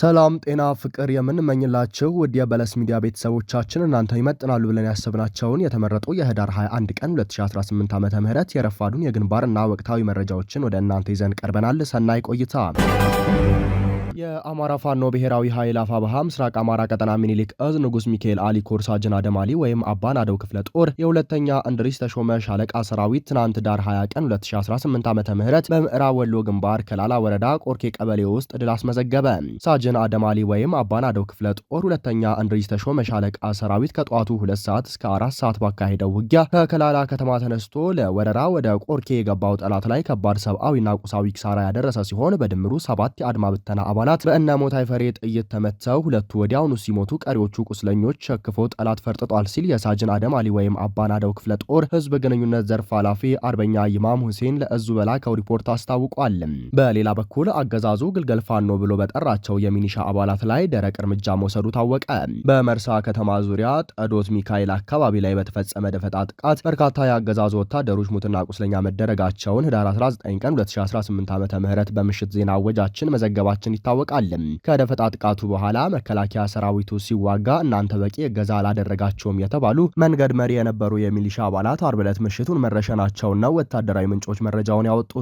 ሰላም ጤና ፍቅር የምንመኝላችሁ ውድ የበለስ ሚዲያ ቤተሰቦቻችን እናንተ ይመጥናሉ ብለን ያሰብናቸውን የተመረጡ የህዳር 21 ቀን 2018 ዓ ም የረፋዱን የግንባርና ወቅታዊ መረጃዎችን ወደ እናንተ ይዘን ቀርበናል። ሰናይ ቆይታ የአማራ ፋኖ ብሔራዊ ኃይል አፋብሃ ምስራቅ አማራ ቀጠና ሚኒሊክ እዝ ንጉስ ሚካኤል አሊ ኮርሳ ጅናደማሊ አደማሊ ወይም አደው ክፍለ ጦር የሁለተኛ እንድሪስ ተሾመ ሻለቃ ሰራዊት ትናንት ዳር 20 ቀን 2018 ዓ ም በምዕራብ ወሎ ግንባር ከላላ ወረዳ ቆርኬ ቀበሌ ውስጥ ድል አስመዘገበ። ሳጅን አደማሊ ወይም አባናደው ክፍለ ጦር ሁለተኛ እንድሪስ ተሾመ ሻለቃ ሰራዊት ከጠዋቱ ሁለት ሰዓት እስከ አራት ሰዓት ባካሄደው ውጊያ ከከላላ ከተማ ተነስቶ ለወረራ ወደ ቆርኬ የገባው ጠላት ላይ ከባድ ሰብአዊና ቁሳዊ ኪሳራ ያደረሰ ሲሆን በድምሩ ሰባት የአድማ ብተና አባላት አባላት በእናሞት አይፈሬ ጥይት ተመተው ሁለቱ ወዲያውኑ ሲሞቱ ቀሪዎቹ ቁስለኞች ሸክፎ ጠላት ፈርጥጧል ሲል የሳጅን አደም አሊ ወይም አባናደው ክፍለ ጦር ህዝብ ግንኙነት ዘርፍ ኃላፊ አርበኛ ኢማም ሁሴን ለእዙ በላከው ሪፖርት አስታውቋል። በሌላ በኩል አገዛዙ ግልገል ፋኖ ብሎ በጠራቸው የሚኒሻ አባላት ላይ ደረቅ እርምጃ መውሰዱ ታወቀ። በመርሳ ከተማ ዙሪያ ጠዶት ሚካኤል አካባቢ ላይ በተፈጸመ ደፈጣ ጥቃት በርካታ የአገዛዙ ወታደሮች ሙትና ቁስለኛ መደረጋቸውን ህዳር 19 ቀን 2018 ዓ ም በምሽት ዜና አወጃችን መዘገባችን ይታወቃል። ይታወቃል። ከደፈጣ ጥቃቱ በኋላ መከላከያ ሰራዊቱ ሲዋጋ እናንተ በቂ እገዛ አላደረጋቸውም የተባሉ መንገድ መሪ የነበሩ የሚሊሻ አባላት አርብ ዕለት ምሽቱን መረሸናቸውን ነው ወታደራዊ ምንጮች መረጃውን ያወጡት።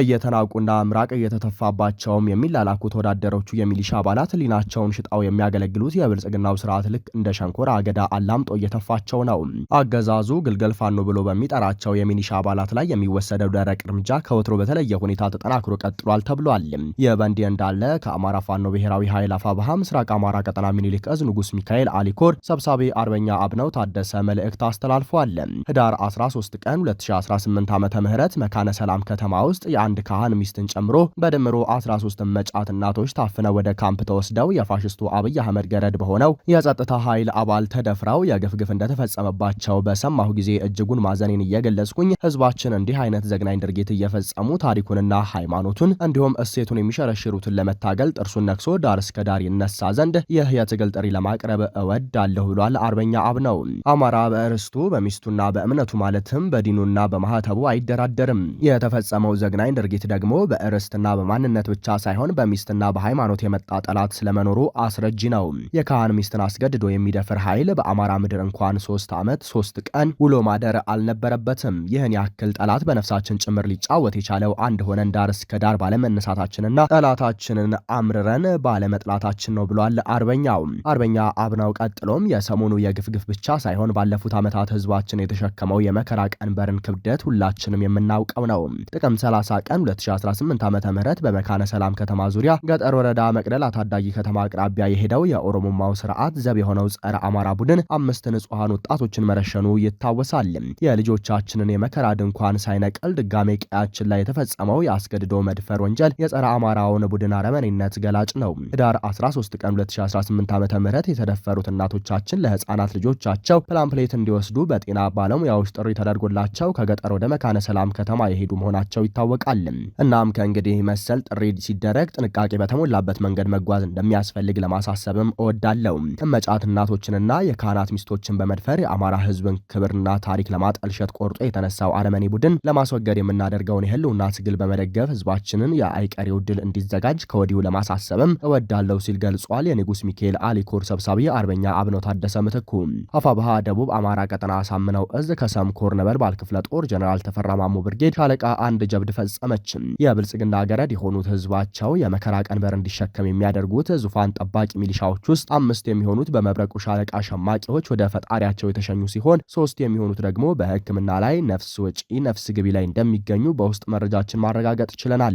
እየተናቁና ምራቅ እየተተፋባቸውም የሚላላኩት ወዳደሮቹ የሚሊሻ አባላት ሊናቸውን ሽጣው የሚያገለግሉት የብልጽግናው ስርዓት ልክ እንደ ሸንኮራ አገዳ አላምጦ እየተፋቸው ነው። አገዛዙ ግልገል ፋኖ ብሎ በሚጠራቸው የሚሊሻ አባላት ላይ የሚወሰደው ደረቅ እርምጃ ከወትሮ በተለየ ሁኔታ ተጠናክሮ ቀጥሏል ተብሏል። ይህ በእንዲህ እንዳለ እንዳለ ከአማራ ፋኖ ብሔራዊ ኃይል አፋብሃ ምስራቅ አማራ ቀጠና ሚኒሊክ እዝ ንጉስ ሚካኤል አሊኮር ሰብሳቢ አርበኛ አብነው ታደሰ መልእክት አስተላልፏል። ህዳር 13 ቀን 2018 ዓ ምህረት መካነ ሰላም ከተማ ውስጥ የአንድ ካህን ሚስትን ጨምሮ በድምሮ 13 መጫት እናቶች ታፍነው ወደ ካምፕ ተወስደው የፋሽስቱ አብይ አህመድ ገረድ በሆነው የጸጥታ ኃይል አባል ተደፍረው የግፍ ግፍ እንደተፈጸመባቸው በሰማሁ ጊዜ እጅጉን ማዘኔን እየገለጽኩኝ ህዝባችን እንዲህ አይነት ዘግናኝ ድርጊት እየፈጸሙ ታሪኩንና ሃይማኖቱን እንዲሁም እሴቱን የሚሸረሽሩትን ለመ በመታገል ጥርሱን ነክሶ ዳር እስከ ዳር ይነሳ ዘንድ ይህ የትግል ጥሪ ለማቅረብ እወዳለሁ ብሏል አርበኛ ነው። አማራ በእርስቱ በሚስቱና በእምነቱ ማለትም በዲኑና በማህተቡ አይደራደርም። የተፈጸመው ዘግናኝ ድርጊት ደግሞ በእርስትና በማንነት ብቻ ሳይሆን በሚስትና በሃይማኖት የመጣ ጠላት ስለመኖሩ አስረጂ ነው። የካህን ሚስትን አስገድዶ የሚደፍር ኃይል በአማራ ምድር እንኳን ሶስት ዓመት ሶስት ቀን ውሎ ማደር አልነበረበትም። ይህን ያክል ጠላት በነፍሳችን ጭምር ሊጫወት የቻለው አንድ ሆነን ዳር እስከ ዳር ባለመነሳታችንና ጠላታችን ይህንን አምርረን ባለመጥላታችን ነው ብሏል አርበኛው። አርበኛ አብናው ቀጥሎም የሰሞኑ የግፍግፍ ብቻ ሳይሆን ባለፉት ዓመታት ህዝባችን የተሸከመው የመከራ ቀንበርን ክብደት ሁላችንም የምናውቀው ነው። ጥቅምት 30 ቀን 2018 ዓ ም በመካነ ሰላም ከተማ ዙሪያ ገጠር ወረዳ መቅደል ታዳጊ ከተማ አቅራቢያ የሄደው የኦሮሞማው ስርዓት ዘብ የሆነው ጸረ አማራ ቡድን አምስት ንጹሐን ወጣቶችን መረሸኑ ይታወሳል። የልጆቻችንን የመከራ ድንኳን ሳይነቀል ድጋሜ ቀያችን ላይ የተፈጸመው የአስገድዶ መድፈር ወንጀል የጸረ አማራውን ቡድን አረ ጠመኔነት ገላጭ ነው። ህዳር 13 ቀን 2018 ዓ ም የተደፈሩት እናቶቻችን ለህፃናት ልጆቻቸው ፕላምፕሌት እንዲወስዱ በጤና ባለሙያዎች ጥሪ ተደርጎላቸው ከገጠር ወደ መካነ ሰላም ከተማ የሄዱ መሆናቸው ይታወቃል። እናም ከእንግዲህ መሰል ጥሪ ሲደረግ ጥንቃቄ በተሞላበት መንገድ መጓዝ እንደሚያስፈልግ ለማሳሰብም እወዳለሁ። እመጫት እናቶችንና የካህናት ሚስቶችን በመድፈር የአማራ ህዝብን ክብርና ታሪክ ለማጠልሸት ቆርጦ የተነሳው አረመኔ ቡድን ለማስወገድ የምናደርገውን የህልውና ትግል በመደገፍ ህዝባችንን የአይቀሬው ድል እንዲዘጋጅ ከ ከወዲሁ ለማሳሰብም እወዳለሁ ሲል ገልጿል። የንጉስ ሚካኤል አሊኮር ሰብሳቢ አርበኛ አብነው ታደሰ ምትኩ አፋብሃ ደቡብ አማራ ቀጠና አሳምነው እዝ ከሰም ኮር ባልክፍለ ጦር ጀነራል ተፈራ ማሞ ብርጌድ ሻለቃ አንድ ጀብድ ፈጸመች። የብልጽግና ገረድ የሆኑት ህዝባቸው የመከራ ቀንበር እንዲሸከም የሚያደርጉት ዙፋን ጠባቂ ሚሊሻዎች ውስጥ አምስት የሚሆኑት በመብረቁ ሻለቃ ሸማቂዎች ወደ ፈጣሪያቸው የተሸኙ ሲሆን ሶስት የሚሆኑት ደግሞ በህክምና ላይ ነፍስ ወጪ ነፍስ ግቢ ላይ እንደሚገኙ በውስጥ መረጃችን ማረጋገጥ ችለናል።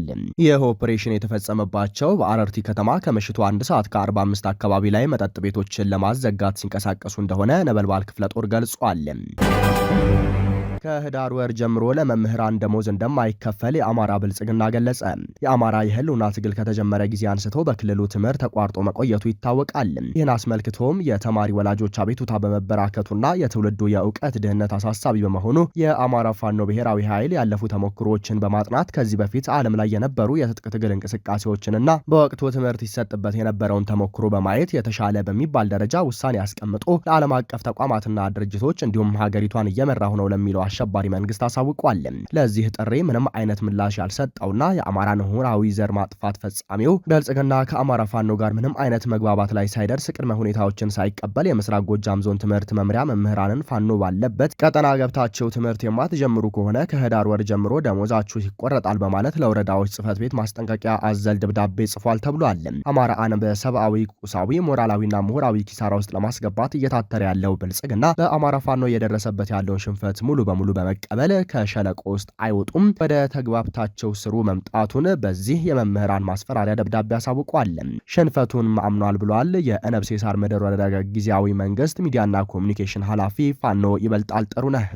ይህ ኦፕሬሽን የተፈጸመባቸው ናቸው በአረርቲ ከተማ ከምሽቱ አንድ ሰዓት ከ45 አካባቢ ላይ መጠጥ ቤቶችን ለማዘጋት ሲንቀሳቀሱ እንደሆነ ነበልባል ክፍለ ጦር ገልጿል። ከህዳር ወር ጀምሮ ለመምህራን ደሞዝ እንደማይከፈል የአማራ ብልጽግና ገለጸ። የአማራ የህልውና ትግል ከተጀመረ ጊዜ አንስቶ በክልሉ ትምህርት ተቋርጦ መቆየቱ ይታወቃል። ይህን አስመልክቶም የተማሪ ወላጆች አቤቱታ በመበራከቱና የትውልዱ የእውቀት ድህነት አሳሳቢ በመሆኑ የአማራ ፋኖ ብሔራዊ ኃይል ያለፉ ተሞክሮዎችን በማጥናት ከዚህ በፊት ዓለም ላይ የነበሩ የትጥቅ ትግል እንቅስቃሴዎችንና በወቅቱ ትምህርት ይሰጥበት የነበረውን ተሞክሮ በማየት የተሻለ በሚባል ደረጃ ውሳኔ አስቀምጦ ለዓለም አቀፍ ተቋማትና ድርጅቶች እንዲሁም ሀገሪቷን እየመራሁ ነው ለሚለው አሸባሪ መንግስት አሳውቋል። ለዚህ ጥሪ ምንም አይነት ምላሽ ያልሰጠውና የአማራን ሁራዊ ዘር ማጥፋት ፈጻሚው ብልጽግና ከአማራ ፋኖ ጋር ምንም አይነት መግባባት ላይ ሳይደርስ ቅድመ ሁኔታዎችን ሳይቀበል የምስራቅ ጎጃም ዞን ትምህርት መምሪያ መምህራንን ፋኖ ባለበት ቀጠና ገብታችሁ ትምህርት የማትጀምሩ ከሆነ ከህዳር ወር ጀምሮ ደሞዛችሁ ይቆረጣል በማለት ለወረዳዎች ጽህፈት ቤት ማስጠንቀቂያ አዘል ደብዳቤ ጽፏል ተብሏል። አማራን በሰብአዊ ቁሳዊ፣ ሞራላዊና ምሁራዊ ኪሳራ ውስጥ ለማስገባት እየታተረ ያለው ብልጽግና በአማራ ፋኖ እየደረሰበት ያለውን ሽንፈት ሙሉ በ በሙሉ በመቀበል ከሸለቆ ውስጥ አይወጡም፣ ወደ ተግባብታቸው ስሩ መምጣቱን በዚህ የመምህራን ማስፈራሪያ ደብዳቤ አሳውቋል። ሸንፈቱን አምኗል ብሏል። የእነብሴ ሳር ምድር ወረዳ ጊዜያዊ መንግስት ሚዲያና ኮሚኒኬሽን ኃላፊ ፋኖ ይበልጣል ጥሩ ነህ።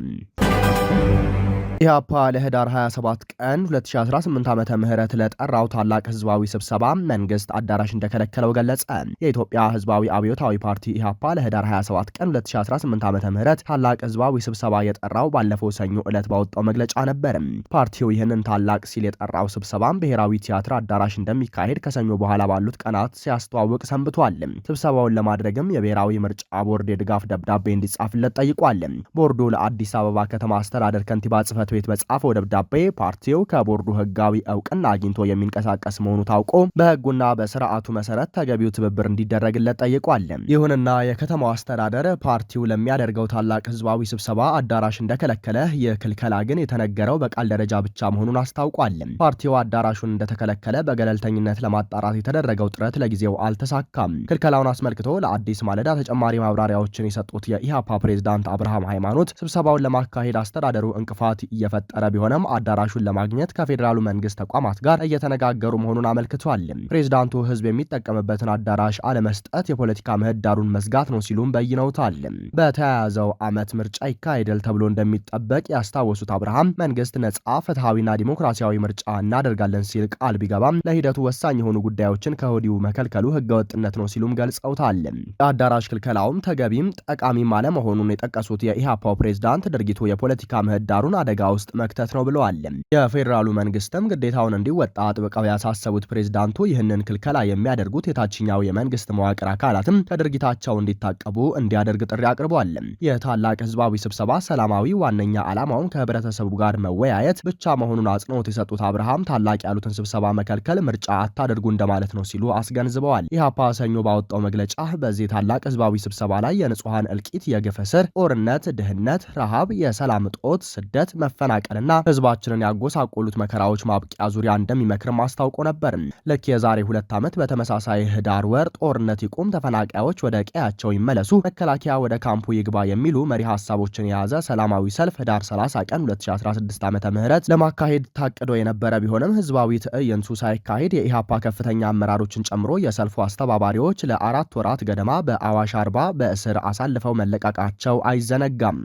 ኢህአፓ ለህዳር 27 ቀን 2018 ዓ ም ለጠራው ታላቅ ህዝባዊ ስብሰባ መንግስት አዳራሽ እንደከለከለው ገለጸ። የኢትዮጵያ ህዝባዊ አብዮታዊ ፓርቲ ኢህአፓ ለህዳር 27 ቀን 2018 ዓ ም ታላቅ ህዝባዊ ስብሰባ የጠራው ባለፈው ሰኞ ዕለት ባወጣው መግለጫ ነበር። ፓርቲው ይህንን ታላቅ ሲል የጠራው ስብሰባም ብሔራዊ ቲያትር አዳራሽ እንደሚካሄድ ከሰኞ በኋላ ባሉት ቀናት ሲያስተዋውቅ ሰንብቷል። ስብሰባውን ለማድረግም የብሔራዊ ምርጫ ቦርድ የድጋፍ ደብዳቤ እንዲጻፍለት ጠይቋል። ቦርዱ ለአዲስ አበባ ከተማ አስተዳደር ከንቲባ ጽፈት ጽህፈት ቤት በጻፈው ደብዳቤ ፓርቲው ከቦርዱ ህጋዊ እውቅና አግኝቶ የሚንቀሳቀስ መሆኑ ታውቆ በህጉና በስርዓቱ መሰረት ተገቢው ትብብር እንዲደረግለት ጠይቋል። ይሁንና የከተማው አስተዳደር ፓርቲው ለሚያደርገው ታላቅ ህዝባዊ ስብሰባ አዳራሽ እንደከለከለ፣ ይህ ክልከላ ግን የተነገረው በቃል ደረጃ ብቻ መሆኑን አስታውቋል። ፓርቲው አዳራሹን እንደተከለከለ በገለልተኝነት ለማጣራት የተደረገው ጥረት ለጊዜው አልተሳካም። ክልከላውን አስመልክቶ ለአዲስ ማለዳ ተጨማሪ ማብራሪያዎችን የሰጡት የኢሃፓ ፕሬዝዳንት አብርሃም ሃይማኖት ስብሰባውን ለማካሄድ አስተዳደሩ እንቅፋት እየፈጠረ ቢሆንም አዳራሹን ለማግኘት ከፌዴራሉ መንግስት ተቋማት ጋር እየተነጋገሩ መሆኑን አመልክቷል። ፕሬዚዳንቱ ህዝብ የሚጠቀምበትን አዳራሽ አለመስጠት የፖለቲካ ምህዳሩን መዝጋት ነው ሲሉም በይነውታል። በተያያዘው ዓመት ምርጫ ይካሄዳል ተብሎ እንደሚጠበቅ ያስታወሱት አብርሃም መንግስት ነጻ ፍትሐዊና ዲሞክራሲያዊ ምርጫ እናደርጋለን ሲል ቃል ቢገባም ለሂደቱ ወሳኝ የሆኑ ጉዳዮችን ከወዲሁ መከልከሉ ህገወጥነት ነው ሲሉም ገልጸውታል። የአዳራሽ ክልከላውም ተገቢም ጠቃሚም አለመሆኑን የጠቀሱት የኢህአፓው ፕሬዚዳንት ድርጊቱ የፖለቲካ ምህዳሩን አደጋ አደጋ ውስጥ መክተት ነው ብለዋል። የፌዴራሉ መንግስትም ግዴታውን እንዲወጣ አጥብቀው ያሳሰቡት ፕሬዝዳንቱ ይህንን ክልከላ የሚያደርጉት የታችኛው የመንግስት መዋቅር አካላትም ከድርጊታቸው እንዲታቀቡ እንዲያደርግ ጥሪ አቅርበዋል። የታላቅ ህዝባዊ ስብሰባ ሰላማዊ ዋነኛ ዓላማውን ከህብረተሰቡ ጋር መወያየት ብቻ መሆኑን አጽንኦት የሰጡት አብርሃም ታላቅ ያሉትን ስብሰባ መከልከል ምርጫ አታደርጉ እንደማለት ነው ሲሉ አስገንዝበዋል። ኢህአፓ ሰኞ ባወጣው መግለጫ በዚህ ታላቅ ህዝባዊ ስብሰባ ላይ የንጹሐን እልቂት፣ የግፍ እስር፣ ጦርነት፣ ድህነት፣ ረሃብ፣ የሰላም እጦት፣ ስደት መፈናቀልና ህዝባችንን ያጎሳቆሉት መከራዎች ማብቂያ ዙሪያ እንደሚመክርም አስታውቆ ነበር። ልክ የዛሬ ሁለት ዓመት በተመሳሳይ ህዳር ወር ጦርነት ይቁም፣ ተፈናቃዮች ወደ ቀያቸው ይመለሱ፣ መከላከያ ወደ ካምፑ ይግባ የሚሉ መሪ ሀሳቦችን የያዘ ሰላማዊ ሰልፍ ህዳር 30 ቀን 2016 ዓ ምህረት ለማካሄድ ታቅዶ የነበረ ቢሆንም ህዝባዊ ትዕይንቱ ሳይካሄድ የኢሃፓ ከፍተኛ አመራሮችን ጨምሮ የሰልፉ አስተባባሪዎች ለአራት ወራት ገደማ በአዋሽ አርባ በእስር አሳልፈው መለቀቃቸው አይዘነጋም።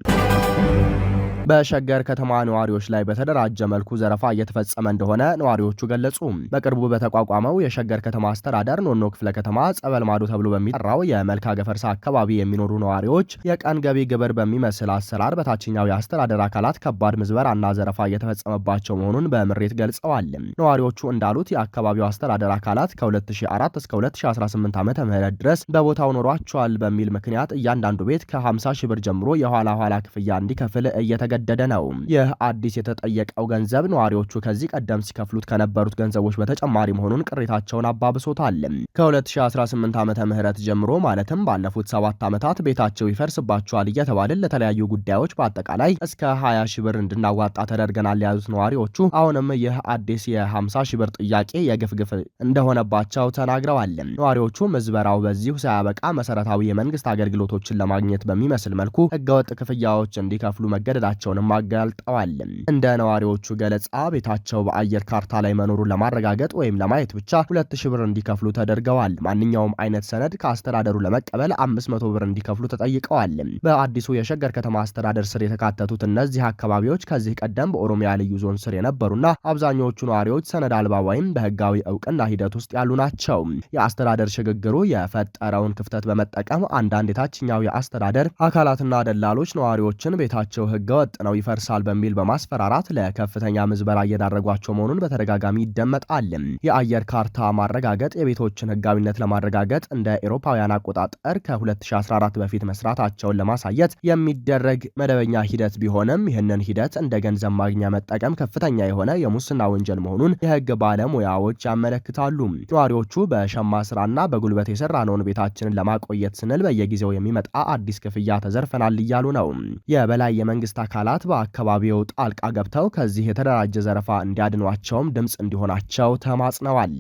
በሸገር ከተማ ነዋሪዎች ላይ በተደራጀ መልኩ ዘረፋ እየተፈጸመ እንደሆነ ነዋሪዎቹ ገለጹ። በቅርቡ በተቋቋመው የሸገር ከተማ አስተዳደር ኖኖ ክፍለ ከተማ ጸበል ማዶ ተብሎ በሚጠራው የመልካ ገፈርሳ አካባቢ የሚኖሩ ነዋሪዎች የቀን ገቢ ግብር በሚመስል አሰራር በታችኛው የአስተዳደር አካላት ከባድ ምዝበራና ዘረፋ እየተፈጸመባቸው መሆኑን በምሬት ገልጸዋል። ነዋሪዎቹ እንዳሉት የአካባቢው አስተዳደር አካላት ከ2004 እስከ 2018 ዓ ም ድረስ በቦታው ኖሯቸዋል በሚል ምክንያት እያንዳንዱ ቤት ከ50 ሺህ ብር ጀምሮ የኋላ ኋላ ክፍያ እንዲከፍል እየተገ እየተገደደ ነው። ይህ አዲስ የተጠየቀው ገንዘብ ነዋሪዎቹ ከዚህ ቀደም ሲከፍሉት ከነበሩት ገንዘቦች በተጨማሪ መሆኑን ቅሬታቸውን አባብሶታል። ከ2018 ዓመተ ምህረት ጀምሮ ማለትም ባለፉት ሰባት ዓመታት ቤታቸው ይፈርስባቸዋል እየተባልን ለተለያዩ ጉዳዮች በአጠቃላይ እስከ 20 ሺ ብር እንድናዋጣ ተደርገናል ያሉት ነዋሪዎቹ አሁንም ይህ አዲስ የ50 ሺ ብር ጥያቄ የግፍግፍ እንደሆነባቸው ተናግረዋል። ነዋሪዎቹ ምዝበራው በዚሁ ሳያበቃ መሰረታዊ የመንግስት አገልግሎቶችን ለማግኘት በሚመስል መልኩ ህገወጥ ክፍያዎች እንዲከፍሉ መገደዳቸው መሆናቸውንም አጋልጠዋል። እንደ ነዋሪዎቹ ገለጻ ቤታቸው በአየር ካርታ ላይ መኖሩን ለማረጋገጥ ወይም ለማየት ብቻ ሁለት ሺ ብር እንዲከፍሉ ተደርገዋል። ማንኛውም አይነት ሰነድ ከአስተዳደሩ ለመቀበል አምስት መቶ ብር እንዲከፍሉ ተጠይቀዋል። በአዲሱ የሸገር ከተማ አስተዳደር ስር የተካተቱት እነዚህ አካባቢዎች ከዚህ ቀደም በኦሮሚያ ልዩ ዞን ስር የነበሩና አብዛኞቹ ነዋሪዎች ሰነድ አልባ ወይም በህጋዊ እውቅና ሂደት ውስጥ ያሉ ናቸው። የአስተዳደር ሽግግሩ የፈጠረውን ክፍተት በመጠቀም አንዳንድ የታችኛው የአስተዳደር አካላትና ደላሎች ነዋሪዎችን ቤታቸው ህገወጥ አፍጥነው ይፈርሳል በሚል በማስፈራራት ለከፍተኛ ምዝበራ እየዳረጓቸው መሆኑን በተደጋጋሚ ይደመጣል። የአየር ካርታ ማረጋገጥ የቤቶችን ህጋዊነት ለማረጋገጥ እንደ ኤሮፓውያን አቆጣጠር ከ2014 በፊት መስራታቸውን ለማሳየት የሚደረግ መደበኛ ሂደት ቢሆንም ይህንን ሂደት እንደ ገንዘብ ማግኛ መጠቀም ከፍተኛ የሆነ የሙስና ወንጀል መሆኑን የህግ ባለሙያዎች ያመለክታሉ። ነዋሪዎቹ በሸማ ስራና በጉልበት የሰራነውን ቤታችንን ለማቆየት ስንል በየጊዜው የሚመጣ አዲስ ክፍያ ተዘርፈናል እያሉ ነው። የበላይ የመንግስት አካል አካላት በአካባቢው ጣልቃ ገብተው ከዚህ የተደራጀ ዘረፋ እንዲያድኗቸውም ድምፅ እንዲሆናቸው ተማጽነዋል።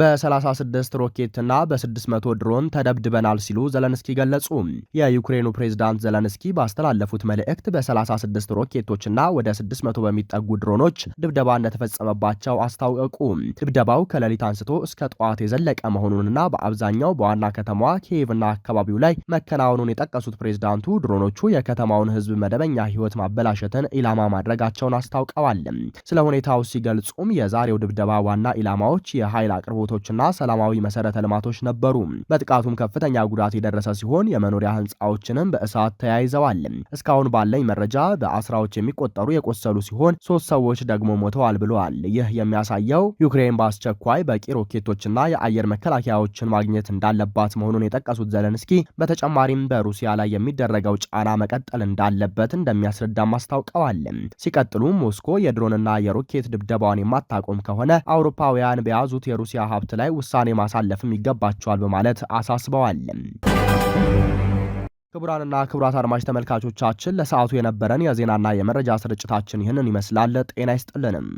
በ36 ሮኬትና በ600 ድሮን ተደብድበናል ሲሉ ዘለንስኪ ገለጹ። የዩክሬኑ ፕሬዝዳንት ዘለንስኪ ባስተላለፉት መልእክት በ36 ሮኬቶችና ወደ 600 በሚጠጉ ድሮኖች ድብደባ እንደተፈጸመባቸው አስታወቁ። ድብደባው ከሌሊት አንስቶ እስከ ጠዋት የዘለቀ መሆኑንና በአብዛኛው በዋና ከተማዋ ኪየቭና አካባቢው ላይ መከናወኑን የጠቀሱት ፕሬዝዳንቱ ድሮኖቹ የከተማውን ህዝብ መደበኛ ህይወት ማበላሸትን ኢላማ ማድረጋቸውን አስታውቀዋል። ስለ ሁኔታው ሲገልጹም የዛሬው ድብደባ ዋና ኢላማዎች የኃይል አቅርቦ ፍላጎቶችና ሰላማዊ መሰረተ ልማቶች ነበሩ። በጥቃቱም ከፍተኛ ጉዳት የደረሰ ሲሆን የመኖሪያ ህንፃዎችንም በእሳት ተያይዘዋል። እስካሁን ባለኝ መረጃ በአስራዎች የሚቆጠሩ የቆሰሉ ሲሆን ሶስት ሰዎች ደግሞ ሞተዋል ብለዋል። ይህ የሚያሳየው ዩክሬን በአስቸኳይ በቂ ሮኬቶችና የአየር መከላከያዎችን ማግኘት እንዳለባት መሆኑን የጠቀሱት ዘለንስኪ በተጨማሪም በሩሲያ ላይ የሚደረገው ጫና መቀጠል እንዳለበት እንደሚያስረዳም አስታውቀዋል። ሲቀጥሉም ሞስኮ የድሮንና የሮኬት ድብደባዋን የማታቆም ከሆነ አውሮፓውያን በያዙት የሩሲያ ሀብት ላይ ውሳኔ ማሳለፍም ይገባቸዋል በማለት አሳስበዋል። ክቡራንና ክቡራት አድማጭ ተመልካቾቻችን ለሰዓቱ የነበረን የዜናና የመረጃ ስርጭታችን ይህንን ይመስላል። ጤና ይስጥልንም።